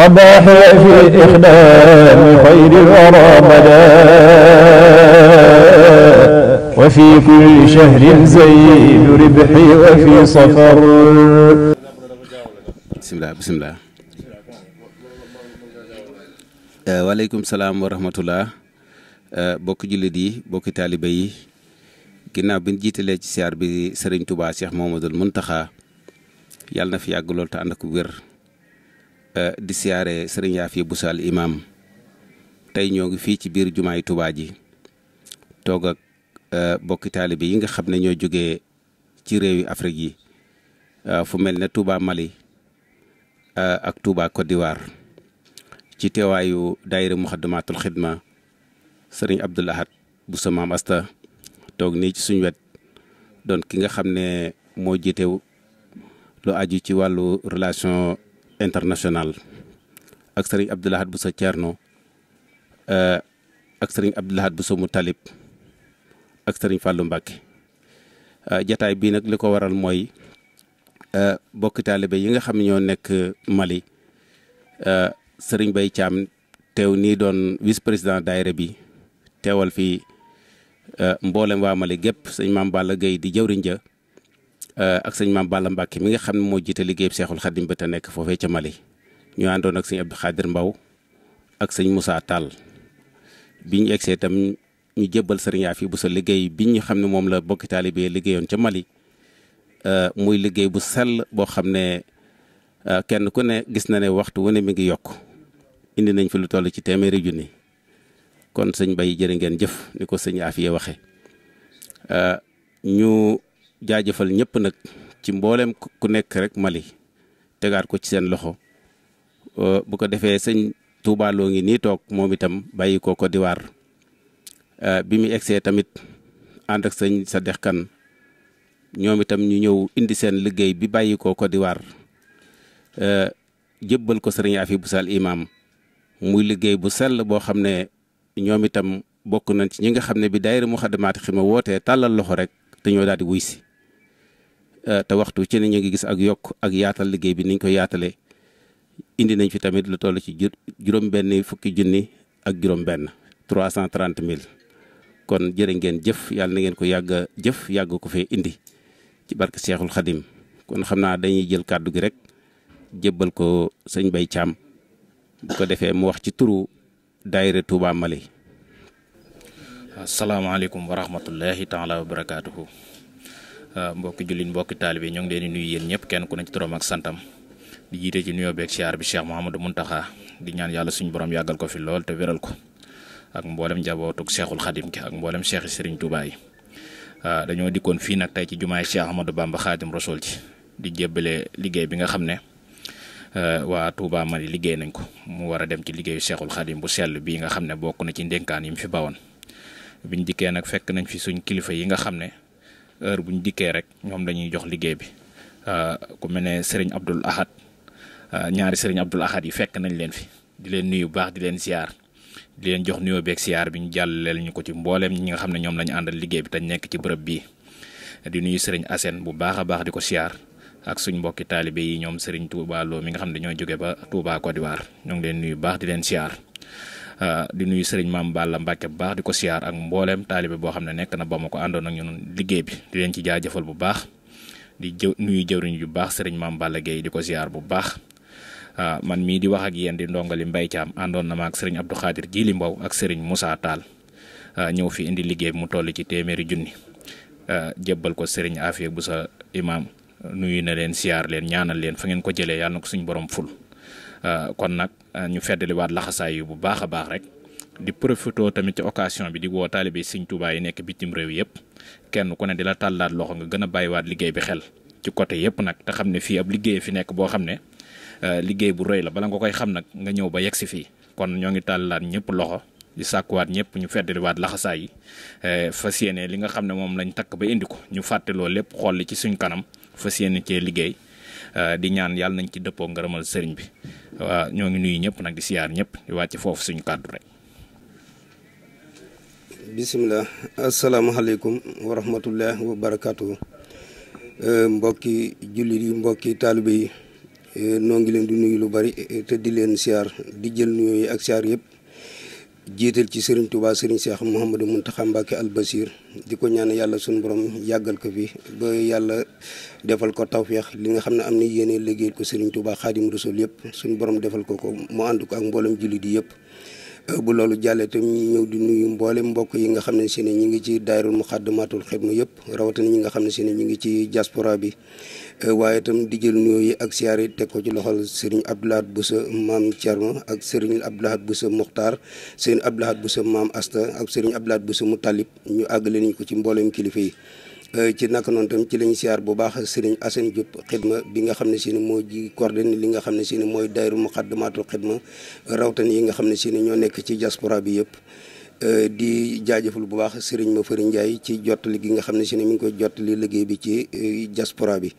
وضاحي في إخدام خير الورى بدا وفي كل شهر زيد ربحي وفي صفر بسم الله بسم الله waaleykum salaam wa rahmatullah bokki jullit yi bokki taaliba yi ginnaaw bi ñu jiitalee ci siyaar bi sëriñ Touba Cheikh Mouhamadoul Mountakha yàlla na fi yàgg lool te ànd ak wér Eh, di siyaare sëriñ Yaafi Buso al imaam tey ñoo ngi fii ci biir jumaay Tuubaa ji toog ak eh, bokki taalibe yi nga xam ne ñoo jógee ci réewi Afrique yi eh, fu mel ne Touba Mali ak Touba Côte d'Ivoire ci teewaayu daayira Muxaddamatul Xidma sëriñ Abdul Ahad bu sa maam asta toog nii ci suñ wet dont ki nga xam ne moo jiite lu aju ci wàllu relation international ak sëriñ Abdou Lahad Bousso Thierno eh, ak sëriñ Abdou bu Bousso Moutalib ak sëriñ Fallou Mbacké eh, jataay bii nag li ko waral mooy eh, bokki taalibe yi nga xam ne ñoo nekk Mali sëriñ Bay Caam teew nii doon vice président daayira bi teewal fii mboolem waa Mali gépp sëñ Maam Balla Gueye di jëwriñ ja Euh, ak sëñ maam Balla Mbacke mi nga xam ne moo jiite liggéeyub Seexul Xaddim ba te nekk foofee ca Mali ñu àndoon ak sëñ Abdou Khadir Mbaw ak sëñ Moussa Tall bi ñu egsee tam ñu jébbal sëriñ Afi bu sa liggéey bi ñu xam ne moom la bokki taalibe liggéeyoon ca Mali euh, muy liggéey bu sell boo xam ne euh, kenn ku ne gis na ne waxtu wu ne mi ngi yokk indi nañ fi lu toll ci téeméeri junni kon sëñ bay jërë ngeen jëf ni ko sëñ Afi waxee ñu jaajëfal ñëpp nag ci mbooleem ku nekk rek Mali tegaat ko ci seen loxo bu ko defee sëñ Touba ngi nii toog moom itam bàyyi ko ko diwaar bi mu egsee tamit ànd ak sëñ sa dex kan ñoom itam ñu ñëw indi seen liggéey bi bàyyi ko ko diwaar jébbal ko sëriñ Afi bu sal imaam muy liggéey bu sell boo xam ne ñoom itam bokk nañ ci ñi nga xam ne bi daayira Muxaddamaatul Xidma wootee tàllal loxo rek te ñoo daal di wuy si Eh, te waxtu ci ne ñu ngi gis ak yokk ak yaatal liggéey bi niñ ko yaatale indi nañ fi tamit lu toll ci juróom-benn fukki junni ak juróom-benn trois cent trente mille kon jërë ngeen jëf yàlla na ngeen ko yàgg a jëf yàgg ko fee indi ci barke Seexul Xadim kon xam naa dañuy jël kàddu gi rek jébbal ko sëñ Bay Caam bu ko defee mu wax ci turu daayira Touba Mali. asalaamaaleykum wa rahmatullahi taala wa barakaatuhu. Euh, mbokki jullit mbokki taalibe ñoo ngi leen di yéen ñëpp kenn ku ne ci turam ak santam di jiitee ci nuyoo beeg siyaar bi Cheikh Mouhamadou taxa di ñaan yàlla suñu borom yàggal ko fi lool te wéral ko ak mboolem njabootug seexul Khadim ki ak mboolem Cheikh seriñ Touba yi euh, dañoo dikkoon fii nag tey ci jumaay Cheikh Ahmadou Bamba Khadim Rasoul ci di jébbale liggéey bi nga xam ne euh, waa Touba yi liggéey nañ ko mu war a dem ci liggéeyu Cheikhul Khadim bu sell bii nga xam ne bokk na ci ndénkaan yi mu fi bawoon biñ nag fekk nañ fi suñ kilifa yi nga xam ne heure bu ñu dikkee rek ñoom dañuy jox liggéey bi euh, ku mel ne Serigne Abdul Ahad euh, ñaari Serigne Abdul Ahad yi fekk nañ leen fi di leen nuyu bu baax di leen siyaar di leen jox nuyoo beek siyaar bi ñu jàllaleel ñu ko ci mbooleem ñi nga xam ne ñoom la àndal liggéey bi te nekk ci bërëb bii di nuyu sëriñ Assène bu baax a baax di ko siyaar ak suñ mbokki taalibe yi ñoom sëriñ Touba mi nga xam ne ñoo jóge ba Touba Côte ñoo ngi leen nuyu baax di leen siyaar. Euh, di nuyu Serigne Mame Balla Mbacke bu baax di ko siyaar ak mbooleem taalibe boo xam ne nekk na ba ma ko àndoon ak ñun liggéey bi di leen ci jaajëfal bu baax di jë nuyu jëwriñ bu baax Serigne Mame Balla Gueye di ko siyaar bu baax euh, man mii di wax ak yéen di ndongali Mbaye Thiam àndoon na ma ak Serigne Abdou Khadir Jili Mbow ak Serigne Moussa Tall euh, ñëw fi indi liggéey bi mu toll ci téeméeri junni jébbal ko Serigne Afia bu sa imaam nuyu na leen siyaar leen ñaanal leen fa ngeen ko jëlee yàlla na ko suñu borom ful. Euh, kon nag euh, ñu feddaliwaat laxasaay yu bu baax a baax rek di profité tamit ci occasion bi di woo taalibe Sëñ Tuubaa yi nekk bitim réew yëpp kenn ku ne di la tàllaat loxo nga gën a bàyyiwaat liggéey bi xel ci côté yëpp nag te xam ne fii ab liggéey fi nekk boo xam ne euh, liggéey bu rëy la bala nga koy xam nag nga ñëw ba yegg si fii kon ñoo ngi tàllaat ñëpp loxo di sàkkuwaat ñëpp ñu feddaliwaat laxasaay yi fas yéene li nga xam ne moom lañ takk ba indi ko ñu fàtte lépp xool li ci suñ kanam fas yéene cee liggéey Euh, di ñaan yàlla nañ ci dëppoo ngërëmal sëriñ bi waaw ñoo ngi nuyu ñëpp nag di siyaar ñëpp di wàcc foofu suñu kàddu rek. bisimilah asalaamaaleykum wa rahmatullah wa barakaatu euh, mbokki jullit yi mbokki taalibe yi euh, noo ngi leen di nuyu lu bari te di leen siyaar di jël nuyoo yi ak siyaar yëpp. jiital ci sëriñ Touba sëriñ Cheikh Mouhamadou Mountakha Mbacké Al Basir di ko ñaan yàlla suñu borom yàggal ko fi ba yàlla defal ko tawféex li nga xam ne am na yéene liggéeyal ko sëriñ Touba Xaadim Rasul yëpp suñu borom defal ko ko mu ànd ko ak mboolem jullit di yëpp. Euh, bu loolu jàllee tam ñu ñëw di nuyu mboolem mbokk yi nga xam ne si ne ñu ngi ci daayirul Muxaddamatul Xidma yëpp rawatina ñi nga xam ne si ne ñu ngi ci jaspora bi. waaye itam di jël nuyoo yi ak siyaar yi teg ko ci loxol sëriñ Abdoulahat Boussa maam Thierno ak sëriñ Abdoulahat Boussa Mokhtar sëriñ Abdoulahat Boussa maam Asta ak sëriñ Abdoulahat Boussa mu talib ñu àggale nañ ko ci mboolem kilifa yi. Euh, ci naka noon tam ci lañ siyaar bu baax sëriñ Assane Diop xidma bi nga xam ne si ne moo ji coordonné li nga xam ne si ne mooy dayru muqaddamatul xidma rawtan yi nga xam ne si ne ñoo nekk ci diaspora bi yëpp. Euh, di jaajëfal bu baax Serigne Mafari Ndiaye ci jottali gi nga xam ne si ni mu ngi koy jottali liggéey bi ci jaspora euh, bi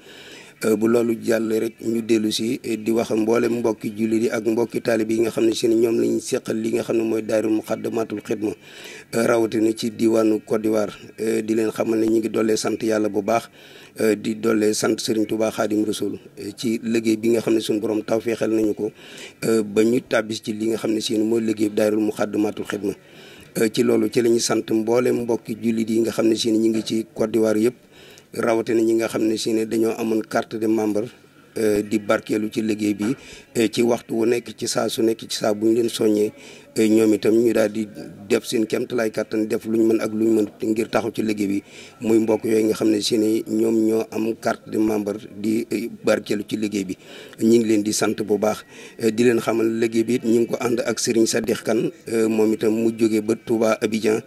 euh, bu loolu jàll rek ñu dellu si di wax mboolem mbokki jullit yi ak mbokki taalib yi nga xam ne si ne ñoom lañ seqal li nga xam ne mooy daayirul Muxaddamatul Xidma rawatina ci diwaanu Côte d'Ivoire di leen xamal ne ñu ngi dollee sant yàlla bu baax di dollee sant Serigne Touba Xaadim Rasul ci liggéey bi nga xam ne suñu borom tawféexal nañu ko ba ñu tàbbis ci li nga xam ne si ne mooy liggéey daayirul Muxaddamatul Xidma Euh, ci loolu ci la ñu sant mboolem mbokki jullit yi nga xam ne si ne ñu ngi ci Côte d'Ivoire yëpp rawatina ñi nga xam ne si dañoo amoon carte de membre Euh, di barkeelu ci liggéey bi euh, ci waxtu wu nekk ci saa su nekk ci saa bu ñu leen soññee euh, ñoom itam ñu daal di def seen kéemtalaay kàttan def luñ mën ak luñ mën ngir taxaw ci liggéey bi muy mbokk yooyu nga xam ne si ñoom ñoo am carte de membre di barkeelu ci liggéey bi ñu ngi leen di sant bu baax di leen xamal liggéey bi ñu ngi ko ànd ak Serigne Sadikh Kane moom itam mu jógee ba Touba Abidjan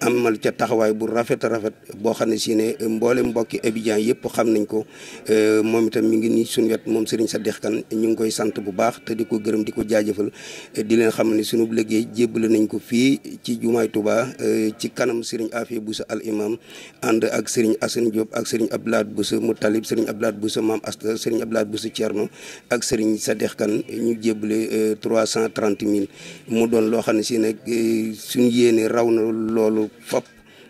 amal ca taxawaay bu rafet rafet boo xam ne si ne mboole mbokki Abidjan yëpp xam nañ ko euh, moom itam mu ngi nii suñu wet moom Serigne Sadikh Kane ñu ngi koy sant bu baax te di ko gërëm di ko jaajëfal euh, di leen xam ne suñu liggéey jébbale nañ ko fii ci jumaay Touba euh, ci kanam Serigne Afia Boussa al imam ànd ak Serigne Assane Diop ak Serigne Abdoulaye Boussa Moutalib Serigne Abdoulaye Boussa Mame Asta Serigne Abdoulaye Boussa Thierno ak Serigne Sadikh Kane ñu jébbale trois cent trente mille mu doon loo xam ne si suñ suñu yéene raw na loolu fop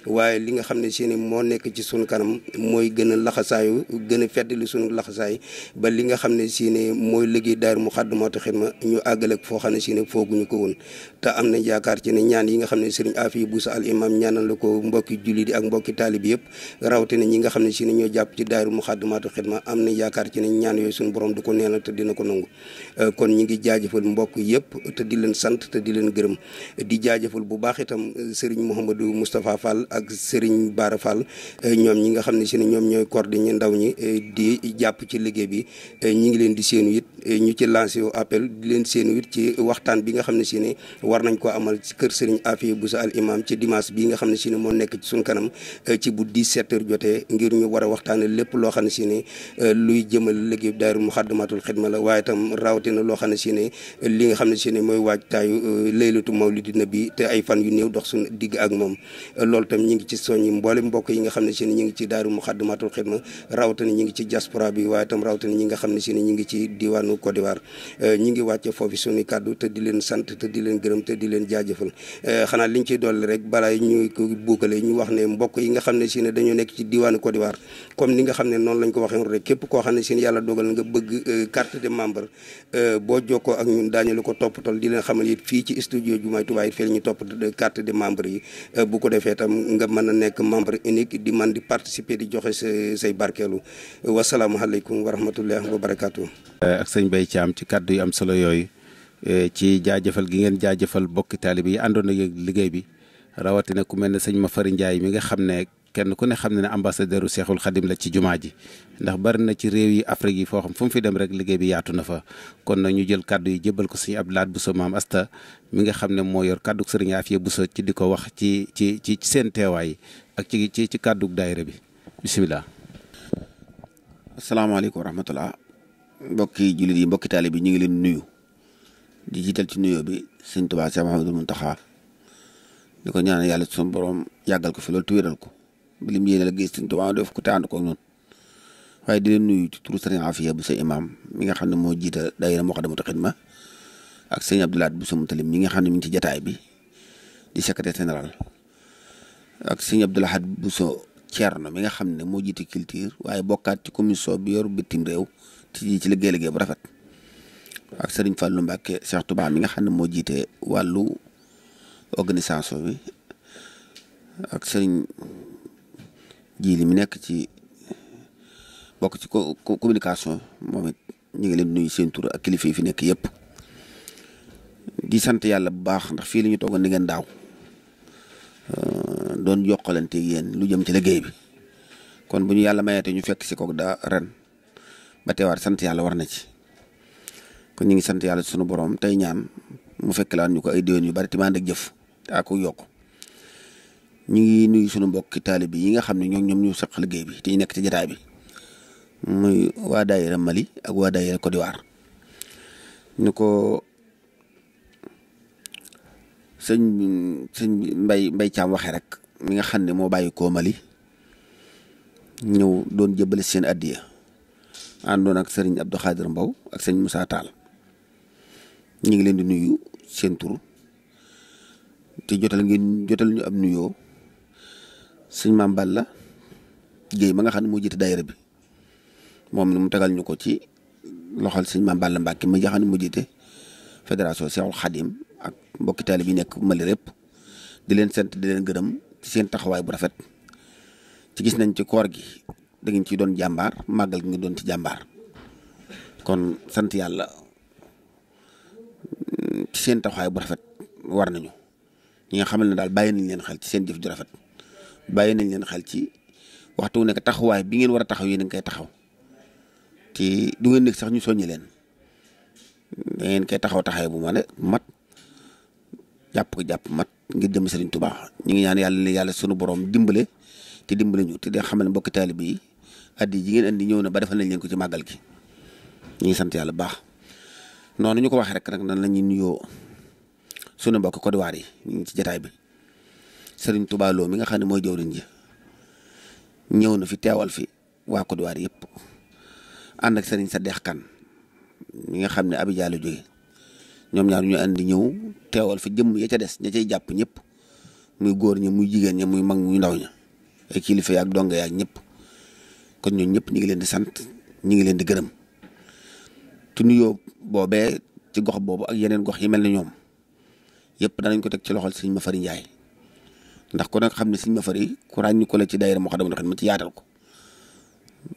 waaye li nga xam ne si moo nekk ci sunu kanam mooy gën a laxasaayu gën a feddali sunu laxasaay ba li nga xam ne si ni mooy liggéey daayira Moukhaddamatoul Khidma ñu àggale ak foo xam ne si ni fooguñu ko woon te am nañ yaakaar ci ne ñaan yi nga xam ne sëriñ Afiya Buusa al imam ñaanal la ko mbokki jullit yi ak mbokki taalib yëpp rawatina ñi xam ne si ni ñoo jàpp ci daayira Moukhaddamatoul Khidma am nañ yaakaar ci ne ñaan yooyu suñu borom du ko neena te dina ko nangu euh, kon ñi ngi jaajëfal mbokk yëpp te di leen sant te di leen gërëm di jaajëfal bu baax itam sëriñ Mouhamadou Moustapha Fall ak Serigne Bara Fall eh, ñoom ñi nga xam ne si ne ñoom ñooy ñu ndaw ñi eh, di jàpp ci liggéey bi eh, ñi ngi leen di séenu it Eh, ñu ci lancé wu appel leen seen wit ci waxtaan bi nga xam ne si ne war nañ ko amal ci kër Serigne Afia Bousso al imam ci dimanche bi nga xam ne si ne moo nekk ci suñ kanam eh, ci bu 17 jotee ngir ñu war a waxtaane lépp loo xam ne si ne eh, luy jëmal liggéey daayira Muxaddamatul Xidma la waaye tam rawatina loo xam ne si ne li nga xam ne si ne mooy waajtaayu laylatu mawlidi nabi te ay fan yu néew dox suñu digg ak moom loolu tam ñu ngi ci soññi mboole mbokk yi nga xam ne si ne ñu ngi ci daayira Muxaddamatul Xidma rawatina ñu ngi ci diaspora bi waaye tam rawatina ñi nga xam ne si ne ñu ngi ci diwaanu réew Côte d'Ivoire euh, ñi ngi wàcce foofu suñu kàddu te di leen sant te di leen gërëm te di leen jaajëfal euh, xanaa liñ ciy dolli rek balaa ñuy ko buukale ñu wax ne mbokk yi nga xam ne si ne dañoo nekk ci diwaanu Côte d'Ivoire comme ni nga xam ne noonu lañ ko waxee rek képp ko xam ne seen yàlla dogal nga bëgg euh, carte de membre boo jokkoo ak ñun daañu la ko toppatoo di leen xamal it fii ci studio Jumaay Tuubaa it fii ñu topp carte de membre yi bu ko defee tam nga mën a nekk membre unique di man di participer di joxe say say barkeelu wasalaamaaleykum wa rahmatulah wa barakaatu. ak sëñ Serigne Mbaye Thiam ci kàddu yi am solo yooyu e, ci jaajëfal gi ngeen jaajëfal bokki taalibe yi àndoon ak liggéey bi rawatina ku mel ne sëñ Mafari Ndiaye mi nga xam ne kenn ku ne xam ne ne ambassadeuru Seexul Xadim la ci jumaa ji ndax bari na ci réew yi Afrique yi foo xam fu mu fi dem rek liggéey bi yaatu na fa kon nag ñu jël kaddu yi jébbal ko suñu Abdoulaye Bousso maam asta mi nga xam ne moo yor kaddu Sëriñ Afia Bousso ci di ko wax ci ci ci seen teewaay ak ci ci ci kàddu daayira bi bisimilah. asalaamaaleykum wa mbokki jullit yi mbokki taali bi ñu ngi leen nuyu di jiital ci nuyoo bi sëñ Tuubaa Cheikh Mouhamadou Mountakha di ko ñaan yàlla suñu borom yàggal ko fi loolu tuwéral ko ba lim yéene la gis sëñ Tuubaa def ko tànn ko noonu waaye di leen nuyu ci turu sëriñ Afiya bu sa imaam mi nga xam ne moo jiital daayira Moukhaddamatoul Khidma ak sëñ Abdoulaat bu sa Mutalim mi nga xam ne mi ngi ci jataay bi di secrétaire général ak sëñ Abdoulahad bu sa Cerno mi nga xam ne moo jiite culture waaye bokkaat ci commission bi yor bitim ci ci liggéey liggéey bu rafet ak sëriñ Fallou Mbacke Cheikh Touba mi nga xam ne moo jiite wàllu organisation bi ak sëriñ jii li mi nekk ci bokk ci communication moom it ñu ngi leen nuyu seen tur ak kilifa yi fi nekk yépp di sant yàlla bu baax ndax fii la ñu toogoon ni ngeen daaw doon yokkalante yéen lu jëm ci liggéey bi kon bu ñu yàlla mayate ñu fekk si koog daa ren ba teewaat sant yàlla war na ci kon ñu ngi sant yàlla sunu borom tey ñaan mu fekk laan ñu ko ay déwén yu bari te ak jëf te ak yokk ñu ngi nuyu sunu mbokki taalib yi nga xam ne ñoom ñoom ñu saq liggéey bi te nekk ci jotaay bi muy waa daayira ak waa daayira Côte ñu ko sëñ mbay mbay caam waxee rek mi nga xam ne moo bàyyi koo Mali ñëw doon jëbale seen addiya àndoon ak sëriñ Abdou Khadir Mbow ak sëriñ Moussa Tall ñu ngi leen di nuyu seen tur te jotal ngeen jotal ñu ab nuyoo sëñ Maam Balla Guèye ma nga xam ne moo jiite daayira bi moom ni mu tagal ñu ko ci loxol sëñ Maam Balla Mbacke ma nga xam ne moo jiite fédération Seexul Xadim ak mbokki taalib yi nekk Mali répp di leen sant di leen gërëm seen taxawaay bu rafet ci gis nañ ci koor gi da ngeen ciy doon jàmbaar màggal gi nga doon ci jàmbaar kon sant yàlla mm, ci seen taxawaay bu rafet war nañu ñi nga xamal ne daal bàyyi nañ leen xal ci seen jëf ju rafet bàyyi nañ leen xel ci waxtu wu nekk taxawaay bi ngeen war a taxaw yi a ngi koy taxaw ci du ngeen nekk sax ñu soññi leen da ngeen koy taxaw taxawaay bu ma ne mat jàpp ko jàpp mat ngir jëm Serigne Touba ñu ngi ñaan yàlla ne yàlla sunu borom dimbale te dimbale ñu te di nga xam ne mbokki taalibe yi addi jigéen ngeen andi ñëw na ba defal nañ leen ko ci màggal ñu ngi sant yàlla ba baax noonu ñu ko waxee rek nag nan la ñuy nuyoo sunu mbokk Côte ñu ngi ci jataay bi Serigne Touba Lo mi nga xam ne mooy jëwriñ ji ñëw na fi teewal fi waa Côte d'Ivoire yëpp ànd ak Serigne dex Kan mi nga xam ne Abidjan la ñoom ñaar ñu andi ñëw teewal fi jëmm ya ca des ña cay jàpp ñëpp muy góor ña muy jigéen ña muy mag muy ndaw ña ay kilifa yaak donga yaak ñëpp. kon ñooñu ñëpp ñu ngi leen di sant ñu ngi leen di gërëm tu nuyoo boobee ci gox boobu ak yeneen gox yi mel ne ñoom yëpp danañ ko teg ci loxol sëñ Mafari Njaay ndax ku nekk xam ne sëñ ma ku ràññu ko la ci daayira Moukhaddamatoul Khidma ci yaatal ko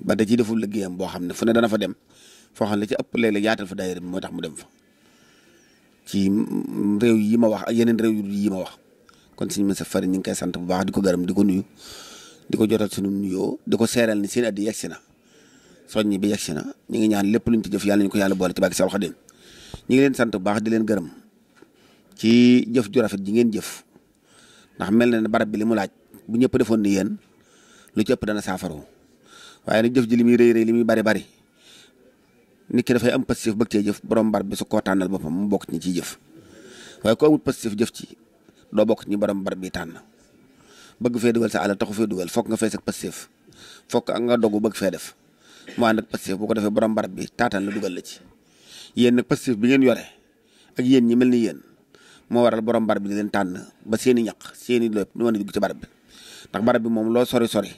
ba da ciy deful liggéeyam boo xam ne fu ne dana fa dem foo xam ne ci ëpp léeg-léeg yaatal fa daayira mooy moo mu dem fa ci réew yi ma wax ak yeneen réew yi ma wax kon sëñ Mafari ñu ngi koy sant bu baax di ko gërëm di ko nuyu di ko jotal sunu nuyoo di ko seeral ni seen addi yegg si na soññi bi yegg si na ñu ngi ñaan lépp luñ ci jëf yàlla ñu ko yàlla boole ci bàkki Seex Xaadim ñu ngi leen sant bu leen gërëm ci jëf ju rafet ji ngeen jëf ndax mel na ne barab bi li mu laaj bu ñëpp defoon ni yéen lu ci dana saafaru waaye nag jëf ji li muy rëy rëy li muy bari bari nit ki dafay am positif cee jëf borom barab bi boppam mu bokk ci ñi ciy jëf waaye ko amul positif jëf ci doo bokk ci ñi borom barab bi tànn bëgg fee dugal sa alal dugal fokk nga fees ak Pastef fokk nga dogu bëgg fee def mu ànd ak Pastef bu ko defee borom barab bi taataan la dugal la ci yéen nag bi ngeen yore ak yéen ñi mel ni yéen moo waral borom barab bi di leen tànn ba seeni i ñaq seen i lépp ñu mën ci barab bi ndax barab bi moom loo sori sori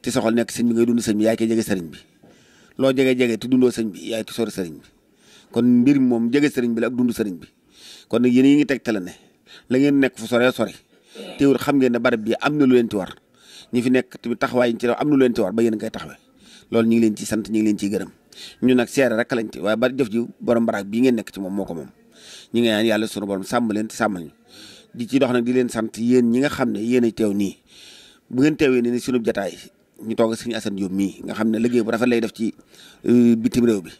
ti soxol nekk sëñ bi ngay dund sëñ bi yaay koy jege bi loo jege jege te dundoo sëñ bi yaay ki sori sëriñ bi kon mbir moom jege sëriñ bi la ak dund sëriñ bi kon nag yéen yi ngi tegtale ne la ngeen nekk fu soree sori teewul xam ngeen ne barab bi am na lu leen ci war ñi fi nekk tamit taxawaay am na lu leen ci war ba yéen ngay taxawee loolu ñu ngi leen ci sant ñu ngi leen ciy gërëm ñun nag seere rek lañ ci waaye bari jëf ji borom baraag bii ngeen nekk ci moom moo ko moom leen te di ci dox nag di leen sant yéen ñi nga xam ne yéen ay teew nii bu ngeen teewee nii sunu jataay ñu toog sëñ Assane Diop mii nga xam ne liggéey bu rafet lay def ci euh, bitim réew bi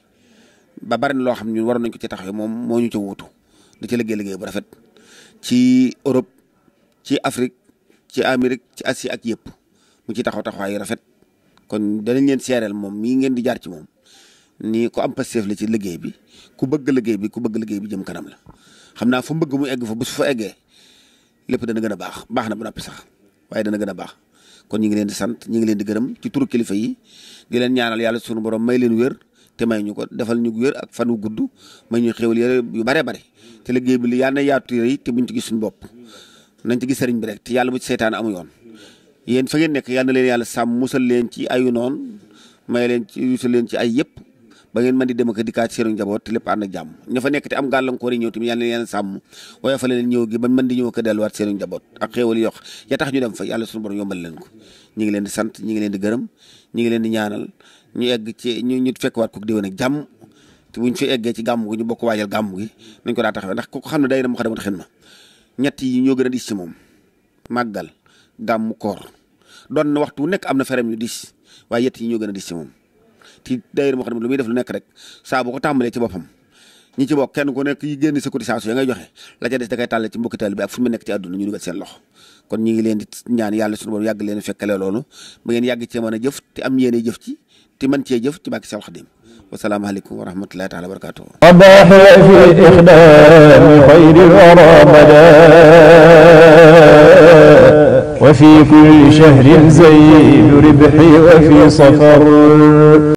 ba bari na loo xam ñun waroon nañ ko ci taxawee moom moo ñu ca wuutu di ci liggéey liggéey bu rafet ci Europe ci Afrique ci Amérique ci Asie ak yëpp mu ci taxaw taxawaay yu rafet kon danañ leen seereel moom mii ngeen di jaar ci moom nii ko am Pastef la ci liggéey bi ku bëgg liggéey bi ku bëgg liggéey bi jëm kanam la xam naa fu mu bëgg mu egg fa bu su fa eggee lépp dana gën a baax baax na ba noppi sax waaye dana gën a baax kon ñu ngi leen di sant ñu ngi leen di gërëm ci turu kilifa yi di leen ñaanal yàlla sunu borom may leen wér te may ñu ko defal ñu wér ak fan gudd may ñu xéwal yu bare bare te liggéey bi li yaa yaatu yi te buñ ci gis suñu bopp nañ ci gi sëriñ bi rek te yàlla bu ci seytaane amu yoon yéen fa ngeen nekk yàlla na leen yàlla sàmm musal leen ci ayu noon may leen ci musal leen ci ay yëpp ba ngeen mën di at ak dikkaat seenu njaboot te lépp ànd ak jàmm ña fa nekk te am gàllankoor yi ñëw tamit yàlla na leen yàlla sàmm waaye fa leen ñëw gi bañ mën di ñëw ak delluwaat seenu njaboot ak xéewal yox ya tax ñu dem fa yàlla suñu borom yombal leen ko ñi ngi leen di sant ñi ngi leen di gërëm ñi ngi leen di ñaanal ñu egg ci ñu ñu fekkwaat waat déwén ak jàmm eggee ci gàmm gi ñu bokk waajal gàmm gi nañ ko daa ko xam ne day na mu xadamata ñetti ñoo gën a diis ci moom màggal gàmmu koor doon na waxtu nekk am na feram yu diis waaye yett yi ñoo gën a diis ci moom ci daayira moo xam ne lu muy def lu nekk rek saa bu ko tàmbalee ci boppam ñi ci bokk kenn ku nekk yi génn sa cotisation ya ngay joxe la ca des ci mbokki taal bi mu nekk ci àdduna ñu dugal seen loxo kon ñu ngi leen ñaan yàlla suñu borom yàgg leen fekkale loolu ba ngeen yàgg cee mën a jëf te am yéene jëf ci te mën cee jëf ci bàkki Seex Xaadim wasalaamaaleykum wa rahmatullahi taala wa barakaatu abax fi ixdami xayri wara bada wa fi kulli shahrin zayd ribxi wa fi safar